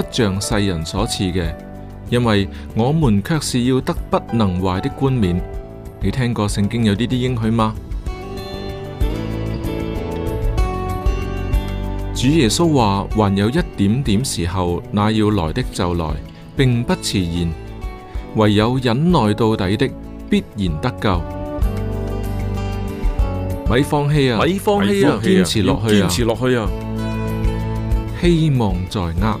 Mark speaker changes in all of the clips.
Speaker 1: 不像世人所賜嘅，因為我們卻是要得不能壞的冠冕。你聽過聖經有呢啲應許嗎？主耶穌話：還有一點點時候，那要來的就來，並不遲延。唯有忍耐到底的，必然得救。咪放棄啊！咪放棄啊！堅持落去啊！堅持落去啊！希望在握。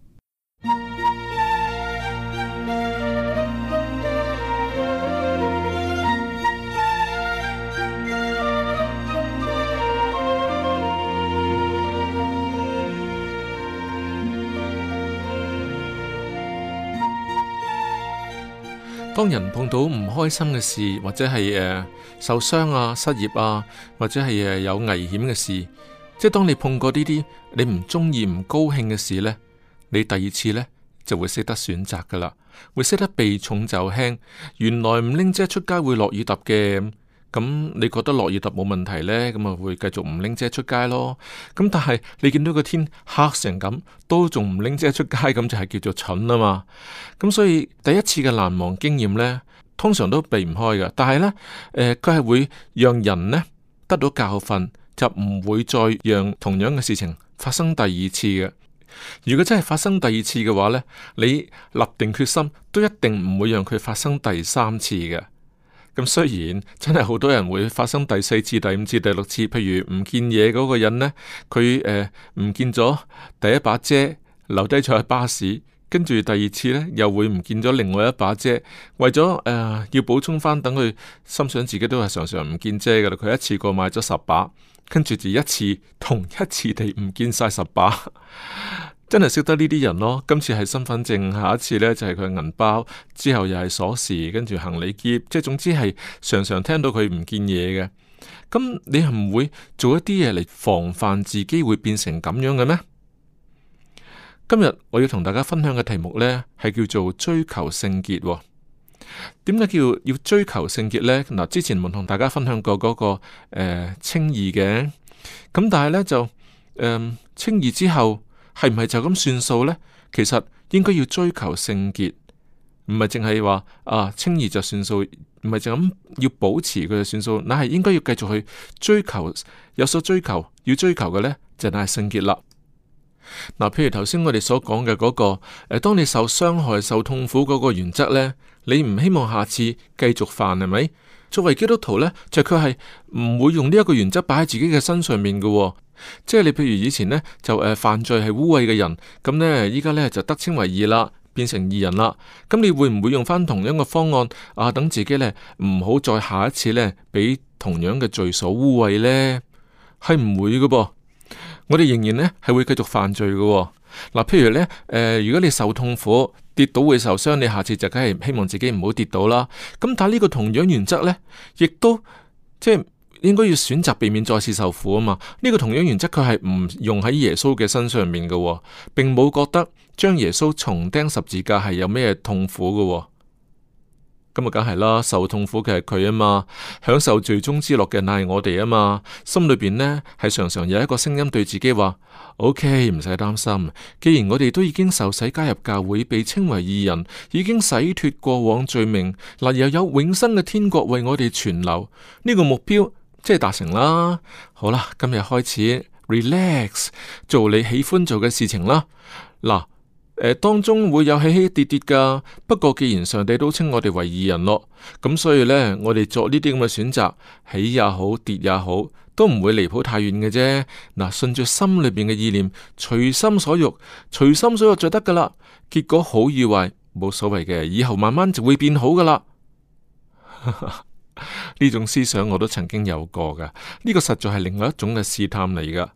Speaker 1: 當人碰到唔開心嘅事，或者係誒、呃、受傷啊、失業啊，或者係誒有危險嘅事，即係當你碰過呢啲，你唔中意、唔高興嘅事呢，你第二次呢就會識得選擇噶啦，會識得避重就輕。原來唔拎遮出街會落雨揼嘅。咁你覺得落雨突冇問題呢？咁咪會繼續唔拎遮出街咯。咁但係你見到個天黑成咁，都仲唔拎遮出街，咁就係叫做蠢吖嘛。咁所以第一次嘅難忘經驗呢，通常都避唔開噶。但係呢，佢、呃、係會讓人呢得到教訓，就唔會再讓同樣嘅事情發生第二次嘅。如果真係發生第二次嘅話呢，你立定決心都一定唔會讓佢發生第三次嘅。咁雖然真係好多人會發生第四次、第五次、第六次，譬如唔見嘢嗰個人呢，佢誒唔見咗第一把遮，留低咗喺巴士，跟住第二次呢，又會唔見咗另外一把遮，為咗誒、呃、要補充返，等佢心想自己都係常常唔見遮㗎喇，佢一次過買咗十把，跟住就一次同一次地唔見晒十把。真係識得呢啲人咯！今次係身份證，下一次咧就係佢銀包，之後又係鎖匙，跟住行李喼，即係總之係常常聽到佢唔見嘢嘅。咁你係唔會做一啲嘢嚟防範自己會變成咁樣嘅咩？今日我要同大家分享嘅題目咧，係叫做追求聖潔。點解叫要追求聖潔咧？嗱，之前我同大家分享過嗰個誒稱義嘅，咁但係咧就誒稱義之後。係唔係就咁算數呢？其實應該要追求聖潔，唔係淨係話啊清兒就算數，唔係就咁要保持佢就算數，那係應該要繼續去追求，有所追求要追求嘅呢，就係聖潔啦。嗱，譬如頭先我哋所講嘅嗰個，誒，當你受傷害、受痛苦嗰個原則呢，你唔希望下次繼續犯，係咪？作為基督徒呢，就佢係唔會用呢一個原則擺喺自己嘅身上面嘅。即係你，譬如以前呢，就誒、呃、犯罪係污穢嘅人，咁、嗯、呢，依家呢，就得稱為義啦，變成義人啦。咁、嗯、你會唔會用翻同樣嘅方案啊？等自己呢，唔好再下一次呢，俾同樣嘅罪所污穢呢？係唔會嘅噃，我哋仍然呢，係會繼續犯罪嘅。嗱、呃，譬如呢，誒、呃，如果你受痛苦跌倒會受傷，你下次就梗係希望自己唔好跌倒啦。咁、嗯、但呢個同樣原則呢，亦都即係。應該要選擇避免再次受苦啊嘛？呢個同樣原則佢係唔用喺耶穌嘅身上面嘅、哦，並冇覺得將耶穌重釘十字架係有咩痛苦嘅、哦。咁、嗯、啊，梗係啦，受痛苦嘅係佢啊嘛，享受最終之樂嘅乃係我哋啊嘛。心裏邊呢，係常常有一個聲音對自己話：OK，唔使擔心。既然我哋都已經受洗加入教會，被稱為義人，已經洗脫過往罪名，嗱，又有永生嘅天國為我哋存留，呢個目標。即係達成啦，好啦，今日開始 relax，做你喜歡做嘅事情啦。嗱，誒、呃，當中會有起起跌跌噶，不過既然上帝都稱我哋為義人咯，咁所以呢，我哋作呢啲咁嘅選擇，起也好，跌也好，都唔會離譜太遠嘅啫。嗱，順住心裏邊嘅意念，隨心所欲，隨心所欲就得噶啦。結果好與壞冇所謂嘅，以後慢慢就會變好噶啦。 呢種思想我都曾經有過噶，呢、這個實在係另外一種嘅試探嚟噶。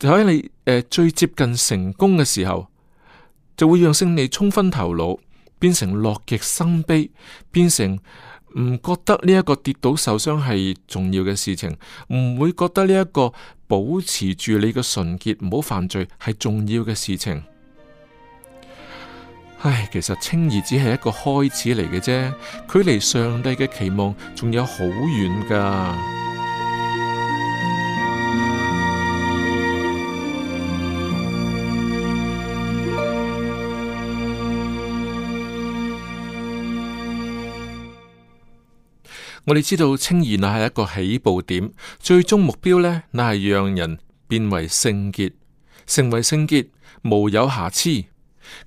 Speaker 1: 喺你、呃、最接近成功嘅時候，就會讓勝利沖昏頭腦，變成樂極生悲，變成唔覺得呢一個跌倒受傷係重要嘅事情，唔會覺得呢一個保持住你嘅純潔，唔好犯罪係重要嘅事情。唉，其實清潔只係一個開始嚟嘅啫，距離上帝嘅期望仲有好遠㗎。 我哋知道清潔乃係一個起步點，最終目標呢，乃係讓人變為聖潔，成為聖潔，無有瑕疵。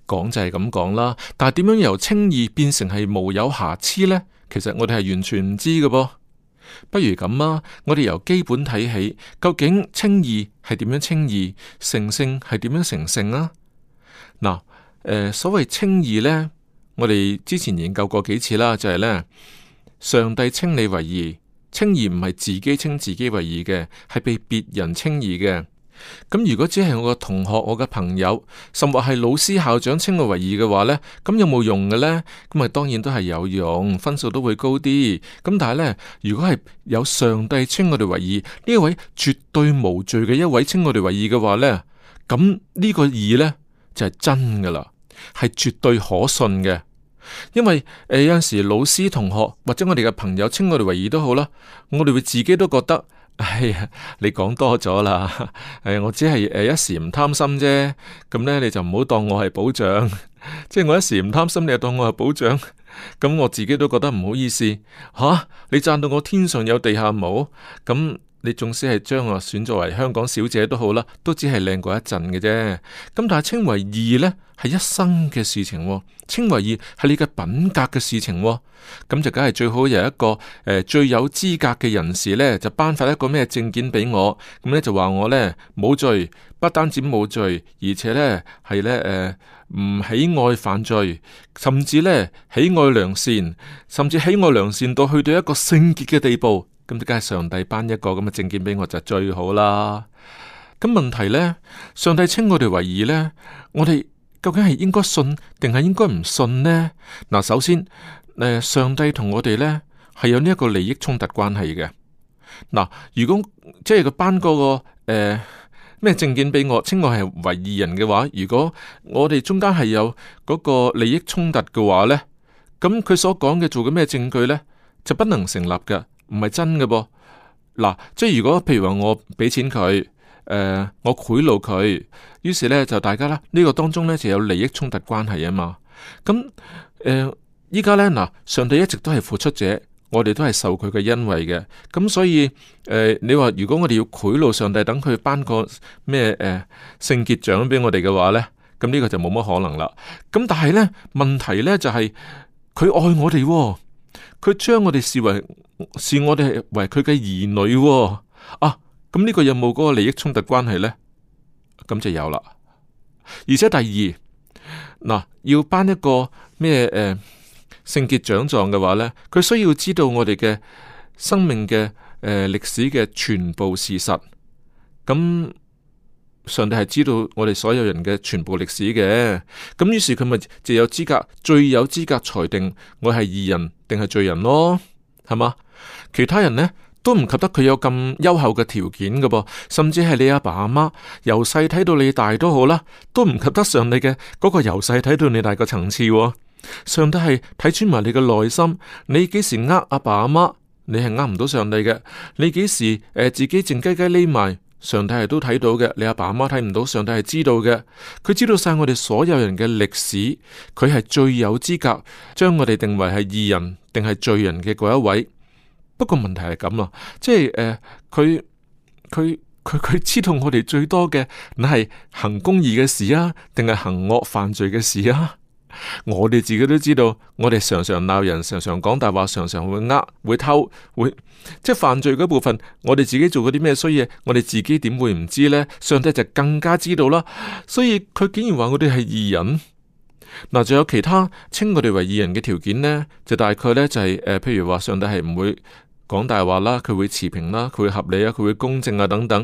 Speaker 1: 講就係咁講啦，但係點樣由稱義變成係無有瑕疵呢？其實我哋係完全唔知嘅噃。不如咁啊，我哋由基本睇起，究竟稱義係點樣稱義？成聖係點樣成聖啊？嗱、呃，所謂稱義呢，我哋之前研究過幾次啦，就係、是、呢：上帝稱你為義，稱義唔係自己稱自己為義嘅，係被別人稱義嘅。咁如果只係我個同學、我嘅朋友，甚或係老師、校長稱我為義嘅話呢，咁有冇用嘅呢？咁啊，當然都係有用，分數都會高啲。咁但係呢，如果係有上帝稱我哋為義，呢一位絕對無罪嘅一位稱我哋為義嘅話呢，咁呢個義呢，就係真噶啦，係絕對可信嘅。因為、呃、有陣時老師、同學或者我哋嘅朋友稱我哋為義都好啦，我哋會自己都覺得。哎呀，你講多咗啦、哎。我只係、呃、一時唔貪心啫。咁呢，你就唔好當我係保障，即、就、係、是、我一時唔貪心，你就當我係保障。咁我自己都覺得唔好意思。吓、啊，你讚到我天上有地下冇，咁。你縱使係將我選作為香港小姐都好啦，都只係靚過一陣嘅啫。咁但係稱為義呢，係一生嘅事情、哦。稱為義係你嘅品格嘅事情、哦。咁就梗係最好有一個、呃、最有資格嘅人士呢，就頒發一個咩證件俾我。咁咧就話我呢，冇罪，不單止冇罪，而且呢係呢誒唔、呃、喜愛犯罪，甚至呢喜愛良善，甚至喜愛良善到去到一個聖潔嘅地步。咁梗係上帝頒一個咁嘅證件俾我，就最好啦。咁問題呢，上帝稱我哋為義呢，我哋究竟係應該信定係應該唔信呢？嗱，首先，誒，上帝同我哋呢係有呢一個利益衝突關係嘅。嗱，如果即係佢頒嗰個誒咩證件俾我，稱我係為義人嘅話，如果我哋中間係有嗰個利益衝突嘅話呢，咁佢所講嘅做嘅咩證據呢，就不能成立嘅。唔係真嘅噃，嗱，即係如果譬如話我俾錢佢，誒、呃，我賄賂佢，於是咧就大家啦。呢、這個當中咧就有利益衝突關係啊嘛，咁、嗯、誒，依家咧嗱，上帝一直都係付出者，我哋都係受佢嘅恩惠嘅，咁、嗯、所以誒、呃，你話如果我哋要賄賂上帝，等佢頒個咩誒聖潔獎俾我哋嘅話咧，咁、嗯、呢、這個就冇乜可能啦，咁、嗯、但係咧問題咧就係、是、佢愛我哋喎。佢將我哋視為視我哋為佢嘅兒女。哦，啊，咁呢個有冇嗰個利益衝突關係呢？咁就有啦。而且第二嗱，要頒一個咩誒聖潔獎狀嘅話呢，佢需要知道我哋嘅生命嘅誒歷史嘅全部事實，咁、嗯。上帝係知道我哋所有人嘅全部歷史嘅，咁於是佢咪就有資格、最有資格裁定我係義人定係罪人咯，係嘛？其他人呢，都唔及得佢有咁優厚嘅條件嘅噃，甚至係你阿爸阿媽由細睇到你大都好啦，都唔及得上帝嘅嗰個由細睇到你大嘅層次。上帝係睇穿埋你嘅內心，你幾時呃阿爸阿媽，你係呃唔到上帝嘅。你幾時誒、呃、自己靜雞雞匿埋？上帝係都睇到嘅，你阿爸阿媽睇唔到，上帝係知道嘅，佢知道晒我哋所有人嘅歷史，佢係最有資格將我哋定為係義人定係罪人嘅嗰一位。不過問題係咁啦，即係誒，佢佢佢佢知道我哋最多嘅，你係行公義嘅事啊，定係行惡犯罪嘅事啊？我哋自己都知道，我哋常常鬧人，常常講大話，常常會呃、會偷、會即係犯罪嗰部分。我哋自己做嗰啲咩衰嘢，我哋自己點會唔知呢？上帝就更加知道啦。所以佢竟然話我哋係義人。嗱、啊，仲有其他稱我哋為義人嘅條件呢？就大概呢，就係、是、呃，譬如話上帝係唔會講大話啦，佢會持平啦，佢會合理啊，佢會公正啊等等。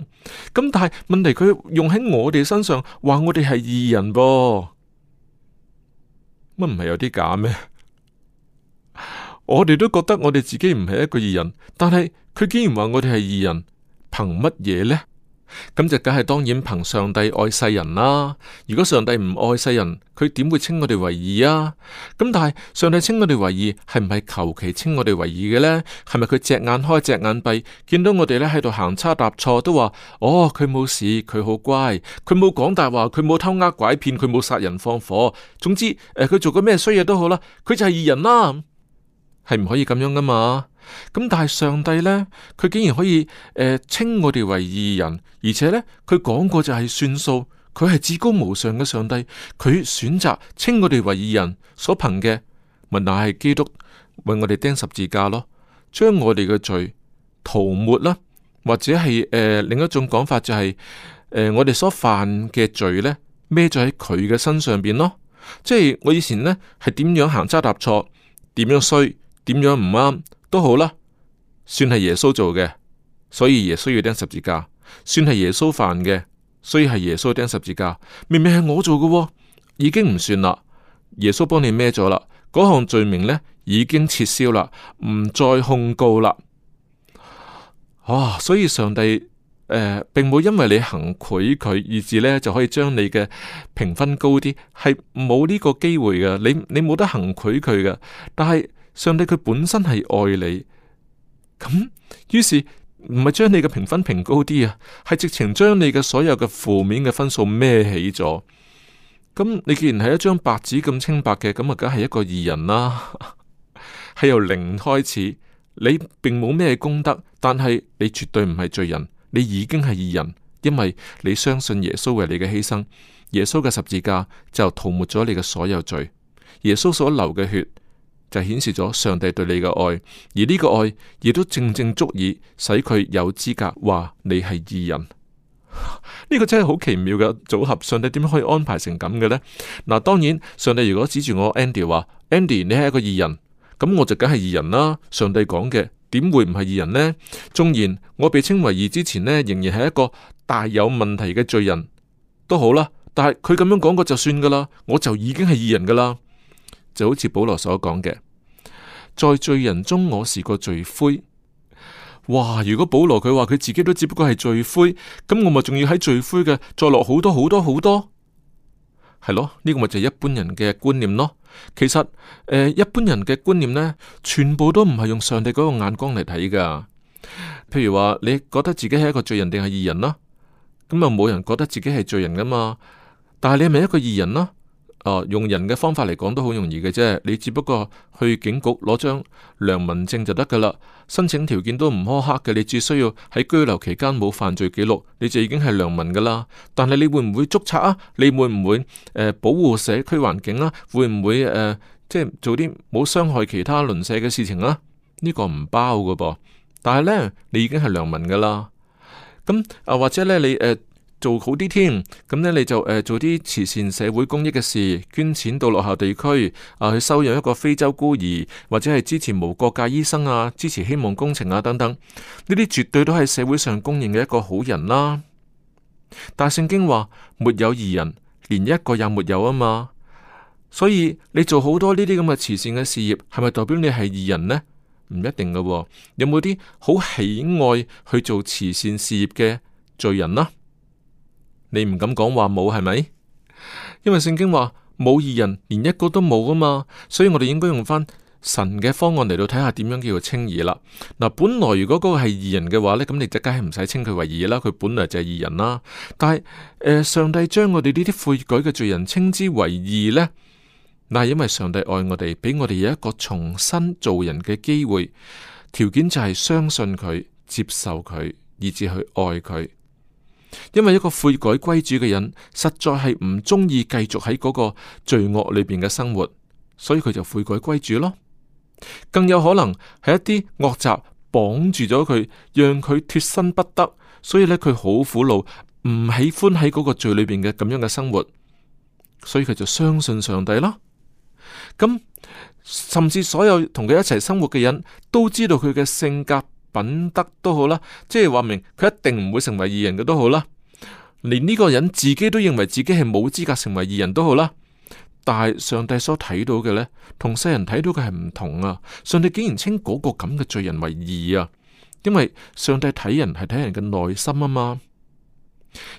Speaker 1: 咁但係問題佢用喺我哋身上話我哋係義人噃。乜唔係有啲假咩？我哋都覺得我哋自己唔係一個異人，但係佢竟然話我哋係異人，憑乜嘢呢？咁就梗係當然憑上帝愛世人啦。如果上帝唔愛世人，佢點會稱我哋為義啊？咁但係上帝稱我哋為義，係唔係求其稱我哋為義嘅呢？係咪佢隻眼開隻眼閉，見到我哋咧喺度行差踏錯，都話哦，佢冇事，佢好乖，佢冇講大話，佢冇偷呃拐騙，佢冇殺人放火，總之誒佢，呃、做過咩衰嘢都好啦，佢就係義人啦，係唔可以咁樣噶嘛？咁但係上帝呢，佢竟然可以誒稱、呃、我哋為義人，而且呢，佢講過就係算數，佢係至高無上嘅上帝。佢選擇稱我哋為義人，所憑嘅問題係基督為我哋釘十字架咯，將我哋嘅罪塗抹啦，或者係誒、呃、另一種講法就係、是、誒、呃、我哋所犯嘅罪呢，孭咗喺佢嘅身上邊咯，即係我以前呢，係點樣行差踏錯，點樣衰，點樣唔啱。都好啦，算係耶穌做嘅，所以耶穌要釘十字架；算係耶穌犯嘅，所以係耶穌釘十字架。明明係我做嘅，哦，已經唔算啦。耶穌幫你孭咗啦，嗰項罪名呢，已經撤銷啦，唔再控告啦。啊、哦，所以上帝誒、呃，並冇因為你行賄佢，以至呢就可以將你嘅評分高啲，係冇呢個機會嘅。你你冇得行賄佢嘅，但係。上帝佢本身係愛你，咁於是唔係將你嘅評分評高啲啊，係直情將你嘅所有嘅負面嘅分數孭起咗。咁你既然係一張白紙咁清白嘅，咁啊梗係一個義人啦，係 由零開始，你並冇咩功德，但係你絕對唔係罪人，你已經係義人，因為你相信耶穌為你嘅犧牲，耶穌嘅十字架就塗抹咗你嘅所有罪，耶穌所流嘅血。就顯示咗上帝對你嘅愛，而呢個愛亦都正正足以使佢有資格話你係義人。呢 個真係好奇妙嘅組合，上帝點可以安排成咁嘅呢？嗱，當然，上帝如果指住我 Andy 話 Andy 你係一個義人，咁我就梗係義人啦。上帝講嘅點會唔係義人呢？縱然我被稱為義之前呢，仍然係一個大有問題嘅罪人都好啦。但係佢咁樣講過就算噶啦，我就已經係義人噶啦。就好似保羅所講嘅，在罪人中我是個罪魁。哇！如果保羅佢話佢自己都只不過係罪魁，咁我咪仲要喺罪魁嘅再落好多好多好多，係咯？呢、這個咪就係一般人嘅觀念咯。其實、呃、一般人嘅觀念呢，全部都唔係用上帝嗰個眼光嚟睇噶。譬如話你覺得自己係一個罪人定係異人啦，咁啊冇人覺得自己係罪人噶嘛，但係你咪一個異人啦？哦、用人嘅方法嚟講都好容易嘅啫，你只不過去警局攞張良民證就得噶啦。申請條件都唔苛刻嘅，你只需要喺拘留期間冇犯罪記錄，你就已經係良民噶啦。但係你會唔會捉賊啊？你會唔會、呃、保護社區環境啊？會唔會、呃、即係做啲冇傷害其他鄰舍嘅事情啊？呢個唔包嘅噃。但係呢，你已經係良民噶啦。咁、啊、或者呢，你誒。呃做好啲添，咁呢你就誒、呃、做啲慈善社會公益嘅事，捐錢到落後地區啊、呃，去收養一個非洲孤兒，或者係支持無國界醫生啊，支持希望工程啊，等等呢啲絕對都係社會上公認嘅一個好人啦。但係聖經話沒有義人，連一個也沒有啊嘛，所以你做好多呢啲咁嘅慈善嘅事業，係咪代表你係義人呢？唔一定嘅、哦，有冇啲好喜愛去做慈善事業嘅罪人啦？你唔敢講話冇係咪？因為聖經話冇義人，連一個都冇噶嘛，所以我哋應該用翻神嘅方案嚟到睇下點樣叫做稱義啦。嗱，本來如果嗰個係義人嘅話呢，咁你即係唔使稱佢為義啦，佢本來就係義人啦。但係、呃、上帝將我哋呢啲悔改嘅罪人稱之為義呢？嗱，因為上帝愛我哋，俾我哋有一個重新做人嘅機會，條件就係相信佢、接受佢，以至去愛佢。因為一個悔改歸主嘅人，實在係唔中意繼續喺嗰個罪惡裏邊嘅生活，所以佢就悔改歸主咯。更有可能係一啲惡習綁住咗佢，讓佢脫身不得，所以呢，佢好苦惱，唔喜歡喺嗰個罪裏邊嘅咁樣嘅生活，所以佢就相信上帝咯。咁甚至所有同佢一齊生活嘅人都知道佢嘅性格。品德都好啦，即係話明佢一定唔會成為義人嘅都好啦。連呢個人自己都認為自己係冇資格成為義人都好啦。但係上帝所睇到嘅呢，同世人睇到嘅係唔同啊！上帝竟然稱嗰個咁嘅罪人為義啊，因為上帝睇人係睇人嘅內心啊嘛。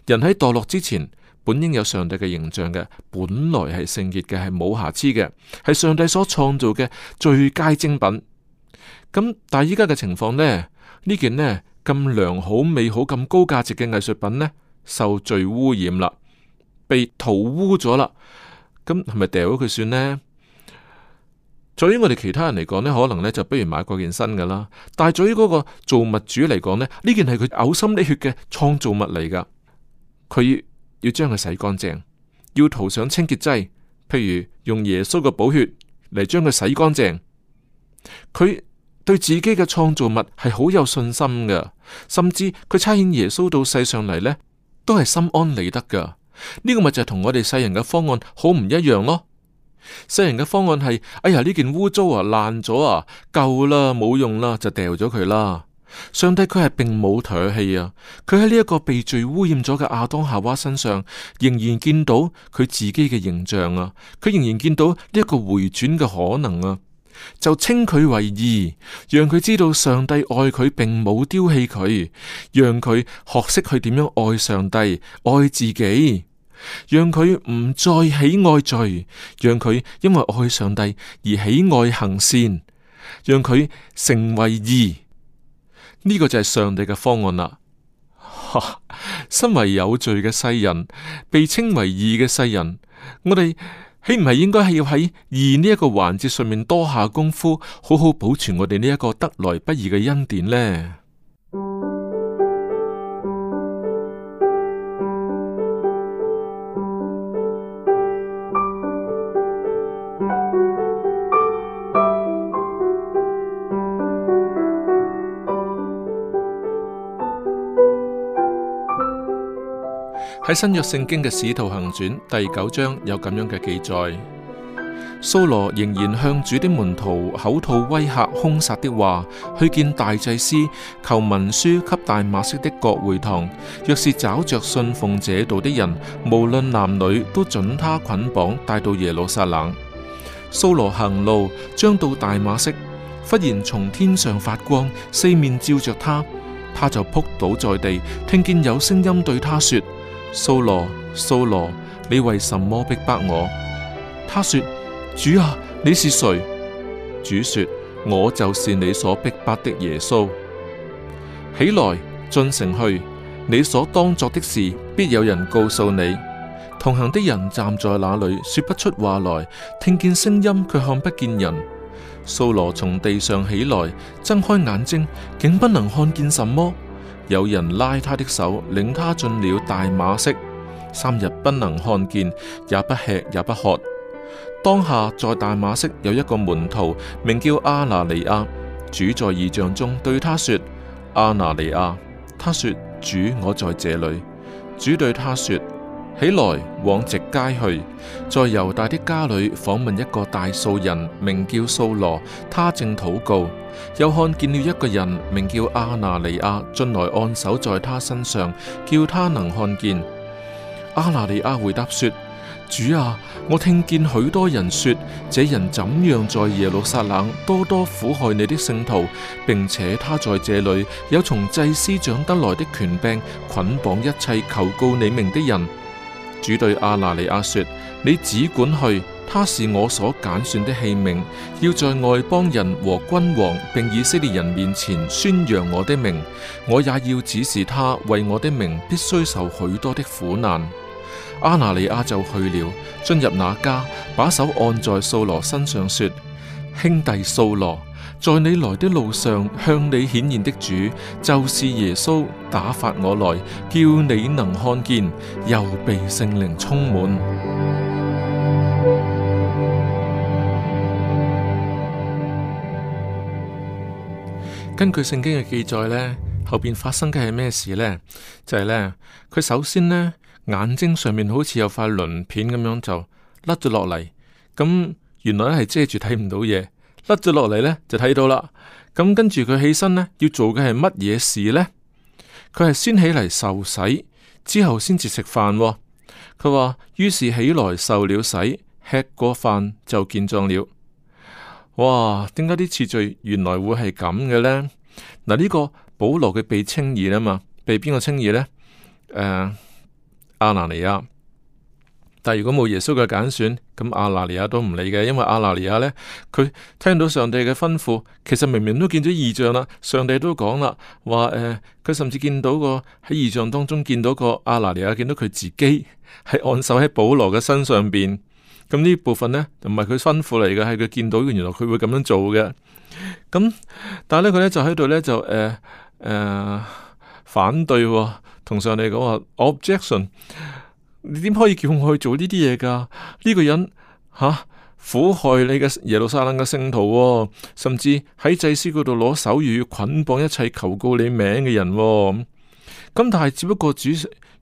Speaker 1: 人喺墮落之前，本應有上帝嘅形象嘅，本來係聖潔嘅，係冇瑕疵嘅，係上帝所創造嘅最佳精品。咁，但係依家嘅情況呢，呢件呢咁良好、美好、咁高價值嘅藝術品呢，受罪污染啦，被塗污咗啦。咁係咪掉咗佢算呢？對於我哋其他人嚟講呢，可能呢就不如買過件新噶啦。但係對於嗰個造物主嚟講呢，呢件係佢嘔心瀝血嘅創造物嚟噶，佢要將佢洗乾淨，要塗上清潔劑，譬如用耶穌嘅寶血嚟將佢洗乾淨，佢對自己嘅創造物係好有信心嘅，甚至佢差遣耶穌到世上嚟呢，都係心安理得噶。呢、這個咪就係同我哋世人嘅方案好唔一樣咯。世人嘅方案係：哎呀呢件污糟啊，爛咗啊，夠啦冇用啦，就掉咗佢啦。上帝佢係並冇唾棄啊，佢喺呢一個被罪污染咗嘅亞當夏娃身上，仍然見到佢自己嘅形象啊，佢仍然見到呢一個回轉嘅可能啊。就稱佢為義，讓佢知道上帝愛佢，並冇丟棄佢，讓佢學識去點樣愛上帝、愛自己，讓佢唔再喜愛罪，讓佢因為愛上帝而喜愛行善，讓佢成為義。呢個就係上帝嘅方案啦。哈，身為有罪嘅世人，被稱為義嘅世人，我哋。豈唔係應該要喺而呢一個環節上面多下功夫，好好保存我哋呢一個得來不易嘅恩典呢？喺新約聖經嘅使徒行傳第九章有咁樣嘅記載，蘇羅仍然向主的門徒口吐威嚇、兇殺的話，去見大祭司，求文書給大馬色的各會堂，若是找着信奉這道的人，無論男女，都准他捆綁帶到耶路撒冷。蘇羅行路將到大馬色，忽然從天上發光，四面照着他，他就撲倒在地，聽見有聲音對他說。掃羅，掃羅，你為什麼逼迫我？他說：主啊，你是誰？主說：我就是你所逼迫的耶穌。起來，進城去，你所當作的事，必有人告訴你。同行的人站在那裏，說不出話來，聽見聲音卻看不見人。掃羅從地上起來，睜開眼睛，竟不能看見什麼。有人拉他的手，領他進了大馬色。三日不能看見，也不吃，也不喝。當下在大馬色有一個門徒，名叫阿拿尼亞。主在異象中對他說：阿拿尼亞。他說：主，我在這裏。主對他說。起來往直街去，在猶大的家裏訪問一個大數人，名叫掃羅，他正禱告，又看見了一個人，名叫阿拿尼亞，進來按手在他身上，叫他能看見。阿拿尼亞回答說：主啊，我聽見許多人說，這人怎樣在耶路撒冷多多苦害你的聖徒，並且他在這裏有從祭司長得來的權柄，捆綁一切求告你名的人。主對阿拿尼亞說：你只管去，他是我所揀選的器皿，要在外邦人和君王並以色列人面前宣揚我的名。我也要指示他為我的名必須受許多的苦難。阿拿尼亞就去了，進入那家，把手按在掃羅身上，說：兄弟掃羅。在你來的路上，向你顯現的主就是耶穌，打發我來，叫你能看見，又被聖靈充滿。根據聖經嘅記載呢，後邊發生嘅係咩事呢？就係、是、呢，佢首先呢，眼睛上面好似有塊鱗片咁樣就甩咗落嚟，咁原來咧係遮住睇唔到嘢。甩咗落嚟呢，就睇到啦。咁跟住佢起身呢，要做嘅係乜嘢事呢？佢係先起嚟受洗，之後先至食飯喎。佢話於是起來受了洗，吃過飯就見狀了。哇！點解啲次序原來會係咁嘅呢？嗱，呢個保羅嘅被稱義啦嘛，被邊個稱義呢？誒、呃，阿拿尼亞。但係如果冇耶穌嘅揀選，咁阿拿尼亞都唔理嘅，因為阿拿尼亞咧，佢聽到上帝嘅吩咐，其實明明都見咗異象啦。上帝都講啦，話誒，佢、呃、甚至見到個喺異象當中見到個阿拿尼亞，見到佢自己係按手喺保羅嘅身上邊。咁呢部分咧，就唔係佢吩咐嚟嘅，係佢見到，原來佢會咁樣做嘅。咁但係咧，佢咧就喺度咧就誒誒反對，同上帝講話 objection。你點可以叫我去做呢啲嘢噶？呢個人吓，苦害你嘅耶路撒冷嘅聖徒哦，甚至喺祭司嗰度攞手語捆綁一切求告你名嘅人哦。咁但係只不過主，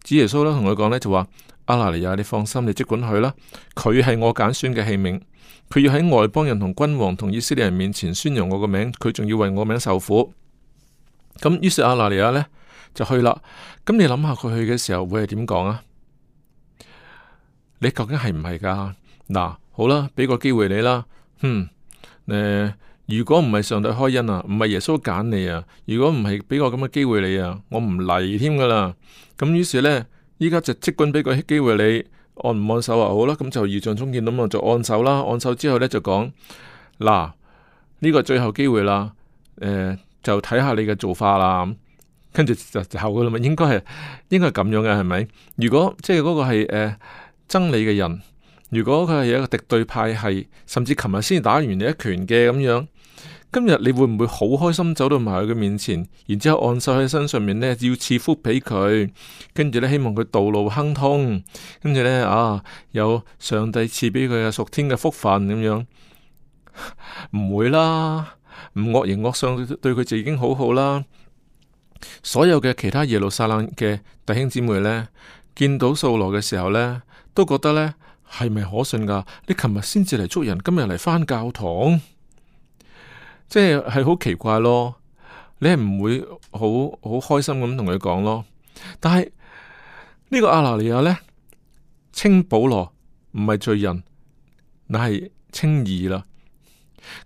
Speaker 1: 主耶穌咧同佢講咧就話：阿拿尼亞，你放心，你即管去啦。佢係我揀選嘅器皿，佢要喺外邦人同君王同以色列人面前宣揚我個名，佢仲要為我名受苦。咁於是阿拿尼亞呢，就去啦。咁你諗下佢去嘅時候會係點講啊？你究竟係唔係噶？嗱，好啦，俾個機會你啦。嗯，誒、呃，如果唔係上帝開恩啊，唔係耶穌揀你啊，如果唔係俾個咁嘅機會你啊，我唔嚟添噶啦。咁於是咧，依家就即管俾個機會你按唔按手啊？好啦，咁就異象中見咁啊，我就按手啦。按手之後咧就講嗱，呢、這個最後機會啦，誒、呃，就睇下你嘅做法啦。跟住就後噶啦嘛，應該係應該係咁樣嘅係咪？如果即係嗰個係誒。呃憎你嘅人，如果佢係一個敵對派系，甚至琴日先打完你一拳嘅咁樣，今日你會唔會好開心走到埋喺佢面前，然之後按手喺身上面呢，要賜福俾佢，跟住呢，希望佢道路亨通，跟住呢，啊有上帝賜俾佢嘅屬天嘅福分咁樣，唔 會啦，唔惡形惡相對佢就已經好好啦。所有嘅其他耶路撒冷嘅弟兄姊妹呢，見到掃羅嘅時候呢。都覺得呢係咪可信噶？你琴日先至嚟捉人，今日嚟翻教堂，即係好奇怪咯。你係唔會好好開心咁同佢講咯。但係呢、這個阿拿尼亞呢，稱保羅唔係罪人，乃係稱義啦。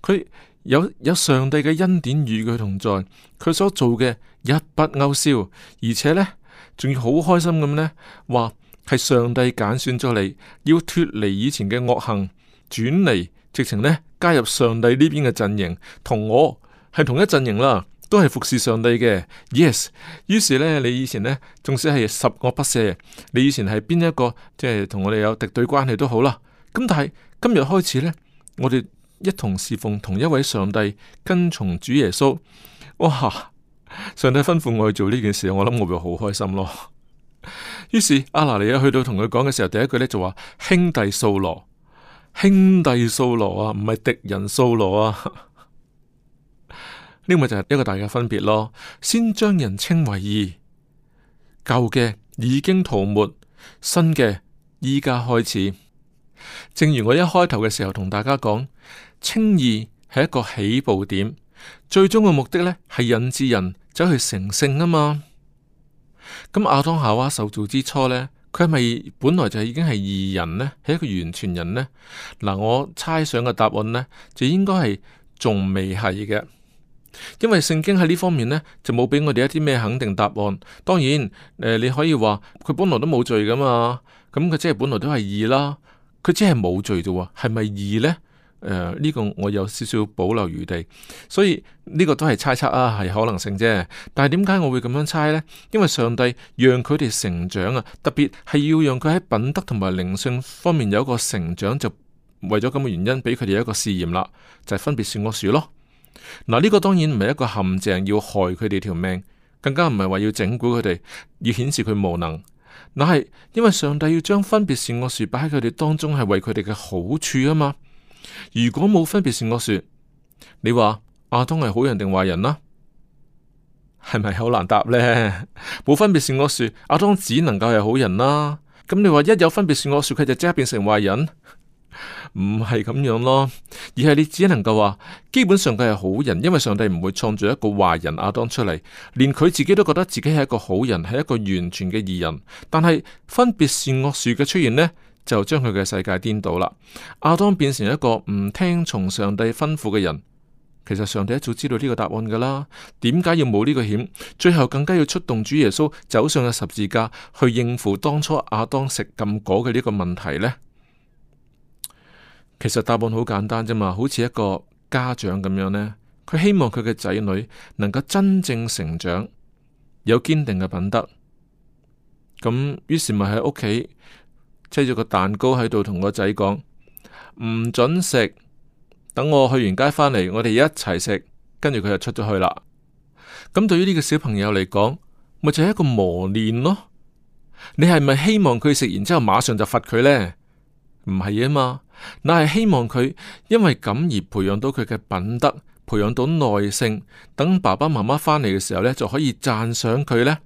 Speaker 1: 佢有有上帝嘅恩典與佢同在，佢所做嘅一筆勾銷，而且呢，仲要好開心咁呢。話。係上帝揀選咗你，要脫離以前嘅惡行，轉嚟直情呢加入上帝呢邊嘅陣營，同我係同一陣營啦，都係服侍上帝嘅。Yes，於是呢，你以前呢，縱使係十惡不赦，你以前係邊一個即係同我哋有敵對關係都好啦，咁但係今日開始呢，我哋一同侍奉同一位上帝，跟從主耶穌。哇！上帝吩咐我去做呢件事，我諗我會好開心咯。於是阿拿尼亞去到同佢講嘅時候，第一句咧就話：兄弟掃羅，兄弟掃羅啊，唔係敵人掃羅啊。呢個咪就係一個大嘅分別咯。先將人稱為義，舊嘅已經塗抹，新嘅依家開始。正如我一開頭嘅時候同大家講，稱義係一個起步點，最終嘅目的呢係引致人走去成聖啊嘛。咁亞當夏娃受造之初呢，佢係咪本來就已經係義人呢？係一個完全人呢？嗱、啊，我猜想嘅答案呢，就應該係仲未係嘅，因為聖經喺呢方面呢，就冇俾我哋一啲咩肯定答案。當然，誒、呃、你可以話佢本來都冇罪噶嘛，咁佢即係本來都係義啦，佢即係冇罪啫，係咪義呢？呃，呢個我有少少保留餘地，所以呢個都係猜測啊，係可能性啫。但係點解我會咁樣猜呢？因為上帝讓佢哋成長啊，特別係要讓佢喺品德同埋靈性方面有一個成長，就為咗咁嘅原因，俾佢哋一個試驗啦，就係分別善惡樹咯。嗱，呃，呢個當然唔係一個陷阱要害佢哋條命，更加唔係話要整蠱佢哋，要顯示佢無能。嗱，係因為上帝要將分別善惡樹擺喺佢哋當中，係為佢哋嘅好處啊嘛。如果冇分別善惡樹，你話亞當係好人定壞人啦？係咪好難答呢？冇分別善惡樹，亞當只能夠係好人啦。咁你話一有分別善惡樹，佢就即刻變成壞人？唔係咁樣咯，而係你只能夠話，基本上佢係好人，因為上帝唔會創造一個壞人亞當出嚟，連佢自己都覺得自己係一個好人，係一個完全嘅義人。但係分別善惡樹嘅出現呢，就將佢嘅世界顛倒啦！阿當變成一個唔聽從上帝吩咐嘅人，其實上帝一早知道呢個答案噶啦，點解要冒呢個險？最後更加要出動主耶穌走上嘅十字架去應付當初阿當食禁果嘅呢個問題呢？其實答案好簡單啫嘛，好似一個家長咁樣呢。佢希望佢嘅仔女能夠真正成長，有堅定嘅品德。咁於是咪喺屋企。擠咗個蛋糕喺度，同個仔講唔准食，等我去完街返嚟，我哋一齊食。跟住佢就出咗去啦。咁對於呢個小朋友嚟講，咪就係一個磨練咯。你係咪希望佢食完之後馬上就罰佢呢？唔係啊嘛，你係希望佢因為咁而培養到佢嘅品德，培養到耐性，等爸爸媽媽返嚟嘅時候呢，就可以讚賞佢呢？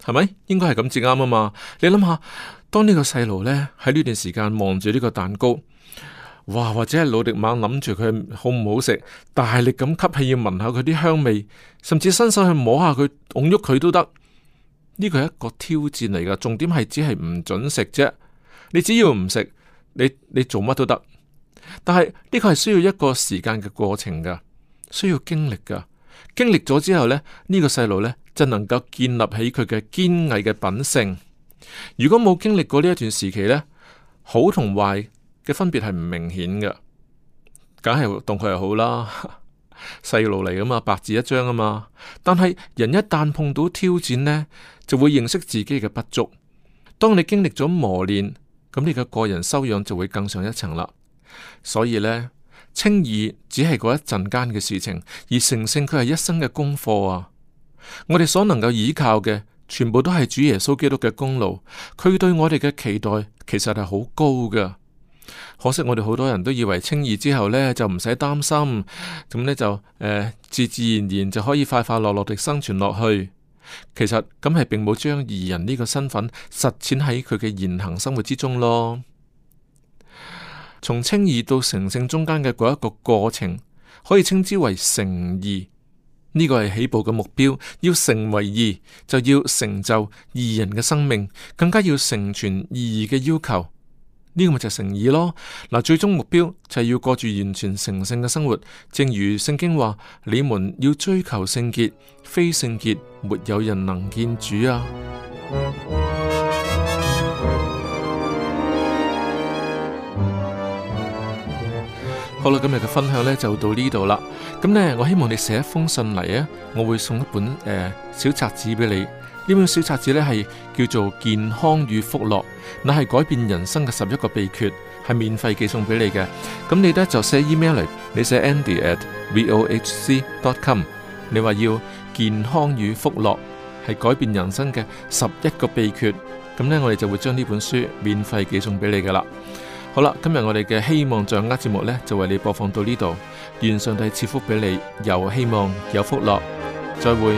Speaker 1: 係咪？應該係咁至啱啊嘛。你諗下。當呢個細路呢，喺呢段時間望住呢個蛋糕，哇，或者係努力猛諗住佢好唔好食，大力咁吸氣要聞下佢啲香味，甚至伸手去摸下佢，拱喐佢都得。呢個係一個挑戰嚟噶，重點係只係唔准食啫。你只要唔食，你你做乜都得。但係呢個係需要一個時間嘅過程噶，需要經歷噶。經歷咗之後呢，呢個細路呢，就能夠建立起佢嘅堅毅嘅品性。如果冇經歷過呢一段時期呢，好同壞嘅分別係唔明顯嘅，梗係動佢又好啦，細路嚟啊嘛，白紙一張啊嘛。但係人一旦碰到挑戰呢，就會認識自己嘅不足。當你經歷咗磨練，咁你嘅個人修養就會更上一層啦。所以呢，稱義只係嗰一陣間嘅事情，而成聖佢係一生嘅功課啊。我哋所能夠依靠嘅。全部都係主耶穌基督嘅功勞，佢對我哋嘅期待其實係好高噶。可惜我哋好多人都以為稱義之後呢，就唔使擔心，咁呢就誒、呃、自自然然就可以快快樂樂地生存落去。其實咁係並冇將義人呢個身份實踐喺佢嘅言行生活之中咯。從稱義到成聖中間嘅嗰一個過程，可以稱之為成義。呢個係起步嘅目標，要成為義，就要成就義人嘅生命，更加要成全義義嘅要求。呢、這個咪就係成義咯。嗱，最終目標就係要過住完全成聖嘅生活，正如聖經話：你們要追求聖潔，非聖潔沒有人能見主啊。好啦，今日嘅分享呢就到呢度啦。咁呢，我希望你寫一封信嚟啊，我會送一本誒小冊子俾你。呢本小冊子呢係叫做《健康與福樂》，乃係改變人生嘅十一個秘訣，係免費寄送俾你嘅。咁你呢就寫 email 嚟，你寫 andy@vohc.com，你話要《健康與福樂》，係改變人生嘅十一個秘訣。咁呢，我哋就會將呢本書免費寄送俾你噶啦。好啦，今日我哋嘅希望掌握節目呢，就為你播放到呢度。願上帝賜福俾你，有希望，有福樂。再會。